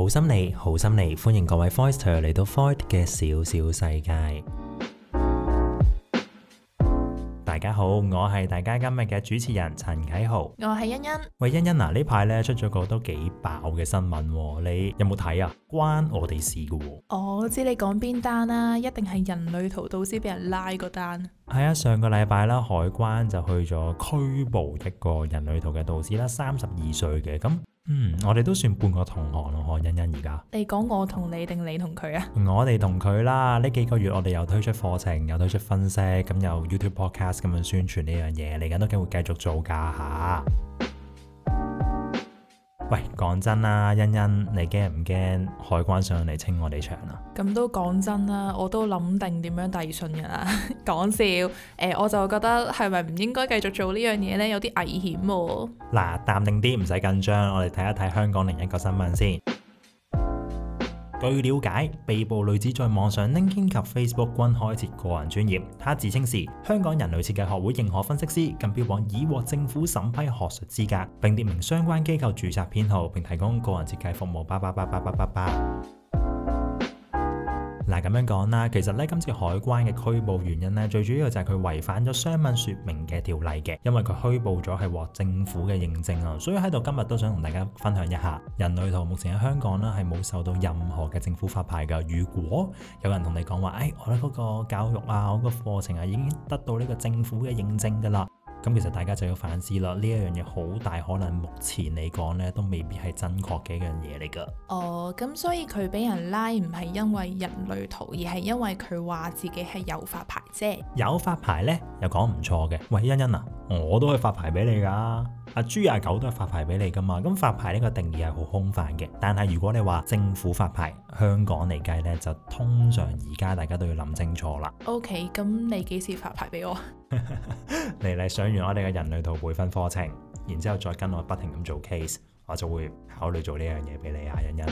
好心理，好心理。歡迎各位 Voidster 嚟到 Void 嘅小小世界。大家好，我係大家今日嘅主持人陳棨豪，我係欣欣。喂，欣欣啊，呢排咧出咗個都幾爆嘅新聞、哦，你有冇睇啊？關我哋事嘅、哦？我知你講邊單啦、啊，一定係人類圖導師俾人拉嗰單。係啊、嗯，上個禮拜啦，海關就去咗拘捕一個人類圖嘅導師啦，三十二歲嘅咁。嗯，我哋都算半個同行咯，可欣欣而家。你講我同你定你同佢啊？我哋同佢啦，呢幾個月我哋又推出課程，又推出分析，咁又 YouTube podcast 咁樣宣傳呢樣嘢，嚟緊都幾會繼續做噶吓。啊喂，講真啦，啊，欣欣，你驚唔驚海關上嚟清我哋場啊？咁都講真啦，啊，我都諗定點樣遞信噶，啊、啦，講， 笑。誒、呃，我就覺得係咪唔應該繼續做呢樣嘢呢？有啲危險喎，啊。嗱，淡定啲，唔使緊張。我哋睇一睇香港另一個新聞先。據了解，被捕女子在網上 LinkedIn 及 Facebook 均開設個人專業，她自稱是香港人類設計學會認可分析師，更標榜已獲政府審批學術資格，並列明相關機構注冊編號，並提供個人設計服務八八八八八八八。嗱咁樣講啦，其實咧今次海關嘅拘捕原因呢，最主要就係佢違反咗商品説明嘅條例嘅，因為佢虛報咗係獲政府嘅認證啊，所以喺度今日都想同大家分享一下，人類圖目前喺香港呢係冇受到任何嘅政府發牌噶。如果有人同你講話，誒、哎、我得嗰個教育啊，我個課程啊已經得到呢個政府嘅認證㗎啦。咁其實大家就要反思啦，呢一樣嘢好大可能，目前嚟講呢都未必係正確嘅一樣嘢嚟噶。哦，咁所以佢俾人拉唔係因為人類圖，而係因為佢話自己係有發牌啫。有發牌呢，又講唔錯嘅，喂，欣欣啊，我都會發牌俾你噶。啊，豬啊狗都係發牌俾你噶嘛，咁發牌呢個定義係好空泛嘅。但係如果你話政府發牌，香港嚟計呢，就通常而家大家都要諗清楚啦。O K，咁你幾時發牌俾我？嚟嚟 上完我哋嘅人類圖培訓課程，然之後再跟我不停咁做 case，我就會考慮做呢樣嘢俾你啊，欣欣。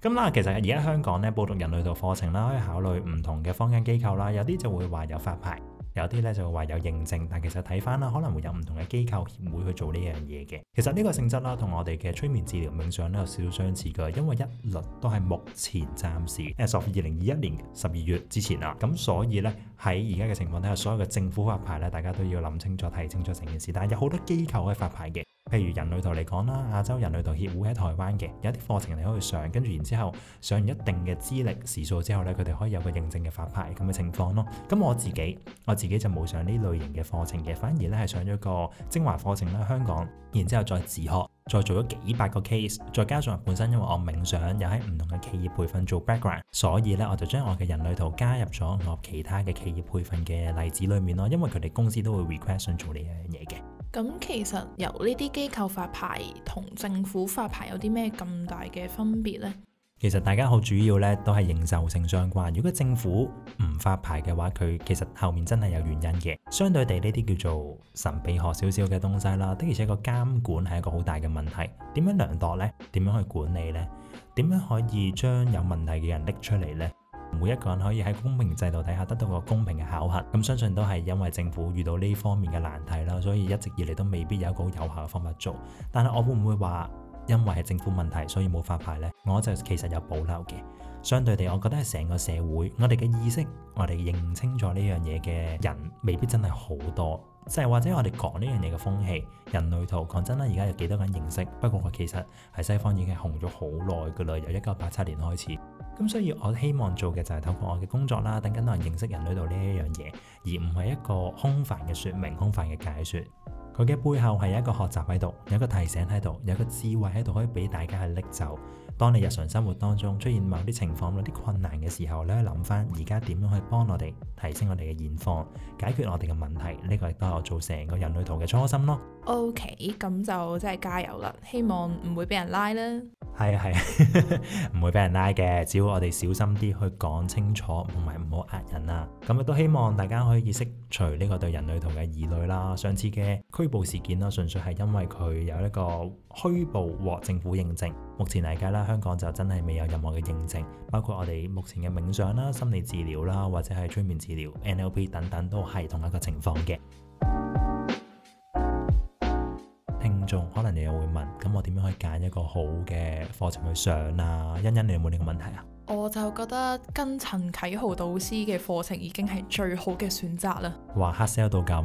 咁啦， 其實而家香港呢，報讀人類圖課程啦，可以考慮唔同嘅坊間機構啦，有啲就會話有發牌。有啲咧就會話有認證，但其實睇返啦，可能會有唔同嘅機構協會去做呢樣嘢嘅。其實呢個性質啦，同我哋嘅催眠治療、冥想都有少少相似嘅，因為一律都係目前暫時，即係二零二一年十二月之前啦。咁所以呢，喺而家嘅情況底下，所有嘅政府發牌呢，大家都要諗清楚、睇清楚成件事。但係有好多機構可以發牌嘅。譬如人類圖嚟講啦，亞洲人類圖協會喺台灣嘅有一啲課程你可以上，跟住然之後上完一定嘅資歷時數之後呢，佢哋可以有個認證嘅發牌，咁嘅情況咯。咁我自己我自己就冇上呢類型嘅課程嘅，反而呢係上咗個精華課程啦。香港，然之後再自學，再做咗幾百個個 case，再加上本身因為我冥想又喺唔同嘅企業培訓做 background，所以呢，我就將我嘅人類圖加入咗我其他嘅企業培訓嘅例子裡面咯。因為佢哋公司都會 request 想做呢一樣嘢嘅。咁其實由呢啲機構發牌同政府發牌有啲咩咁大嘅分別呢？其實大家好主要呢都係認受性相關。如果政府唔發牌嘅話，佢其實後面真係有原因嘅。相對地，呢啲叫做神秘學少少嘅東西啦，的而且確監管係一個好大嘅問題。點樣量度呢？點樣去管理呢？點樣可以將有問題嘅人拎出嚟呢？每一個人可以喺公平制度底下得到個公平嘅考核，咁、嗯、相信都係因為政府遇到呢方面嘅難題啦，所以一直以嚟都未必有一個有效嘅方法做。但係我會唔會話因為係政府問題，所以冇發牌呢？我就其實有保留嘅。相對地，我覺得係成個社會，我哋嘅意識，我哋認清楚呢樣嘢嘅人，未必真係好多。即係或者我哋講呢樣嘢嘅風氣，人類圖講真啦，而家有幾多個人認識？不過我其實喺西方已經紅咗好耐噶啦，由一九八七年開始。咁所以，我希望做嘅就係透過我嘅工作啦，等更多人認識人類圖呢一樣嘢，而唔係一個空泛嘅說明、空泛嘅解說。佢嘅背後係一個學習喺度，有一個提醒喺度，有一個智慧喺度，可以俾大家去拎走。當你日常生活當中出現某啲情況、某啲困難嘅時候，你可以諗翻而家點樣去幫我哋提升我哋嘅現況，解決我哋嘅問題。呢個亦都係我做成個人類圖嘅初心咯。OK，咁就真係加油啦！希望唔會俾人拉啦。係啊係啊，唔 會俾人拉嘅，只要我哋小心啲去講清楚，唔係唔好呃人啦。咁亦都希望大家可以意識除呢個對人類圖嘅疑慮啦。上次嘅拘捕事件啦、啊，純粹係因為佢有一個虛報獲政府認證。目前嚟計啦，香港就真係未有任何嘅認證，包括我哋目前嘅冥想啦、心理治療啦，或者係催眠治療、NLP 等等，都係同一個情況嘅。聽眾可能你又會問，咁我點樣可以揀一個好嘅課程去上啊？欣欣，你有冇呢個問題啊？我就覺得跟陳棨豪導師嘅課程已經係最好嘅選擇啦。話黑 sell 到咁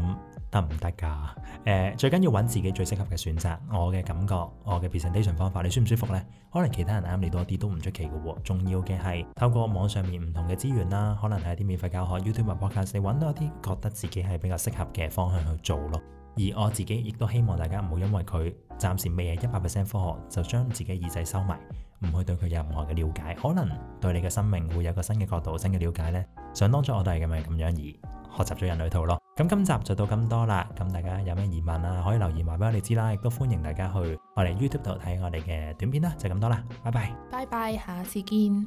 得唔得㗎？誒、啊呃，最緊要揾自己最適合嘅選擇。我嘅感覺，我嘅 presentation 方法你舒唔舒服呢？可能其他人啱你多啲都唔出奇嘅喎、啊。重要嘅係透過網上面唔同嘅資源啦、啊，可能係啲免費教學 YouTube podcast，你揾到一啲覺得自己係比較適合嘅方向去做咯、啊。而我自己亦都希望大家唔好因為佢暫時未係一百 percent 科學，就將自己耳仔收埋，唔去對佢有任何嘅了解，可能對你嘅生命會有個新嘅角度、新嘅了解呢？想當初我都係咁樣咁樣而學習咗人類圖咯。咁、嗯、今集就到咁多啦。咁大家有咩疑問啊，可以留言話俾我哋知啦。亦都歡迎大家去我哋 YouTube 度睇我哋嘅短片啦。就咁多啦，拜拜，拜拜，下次見。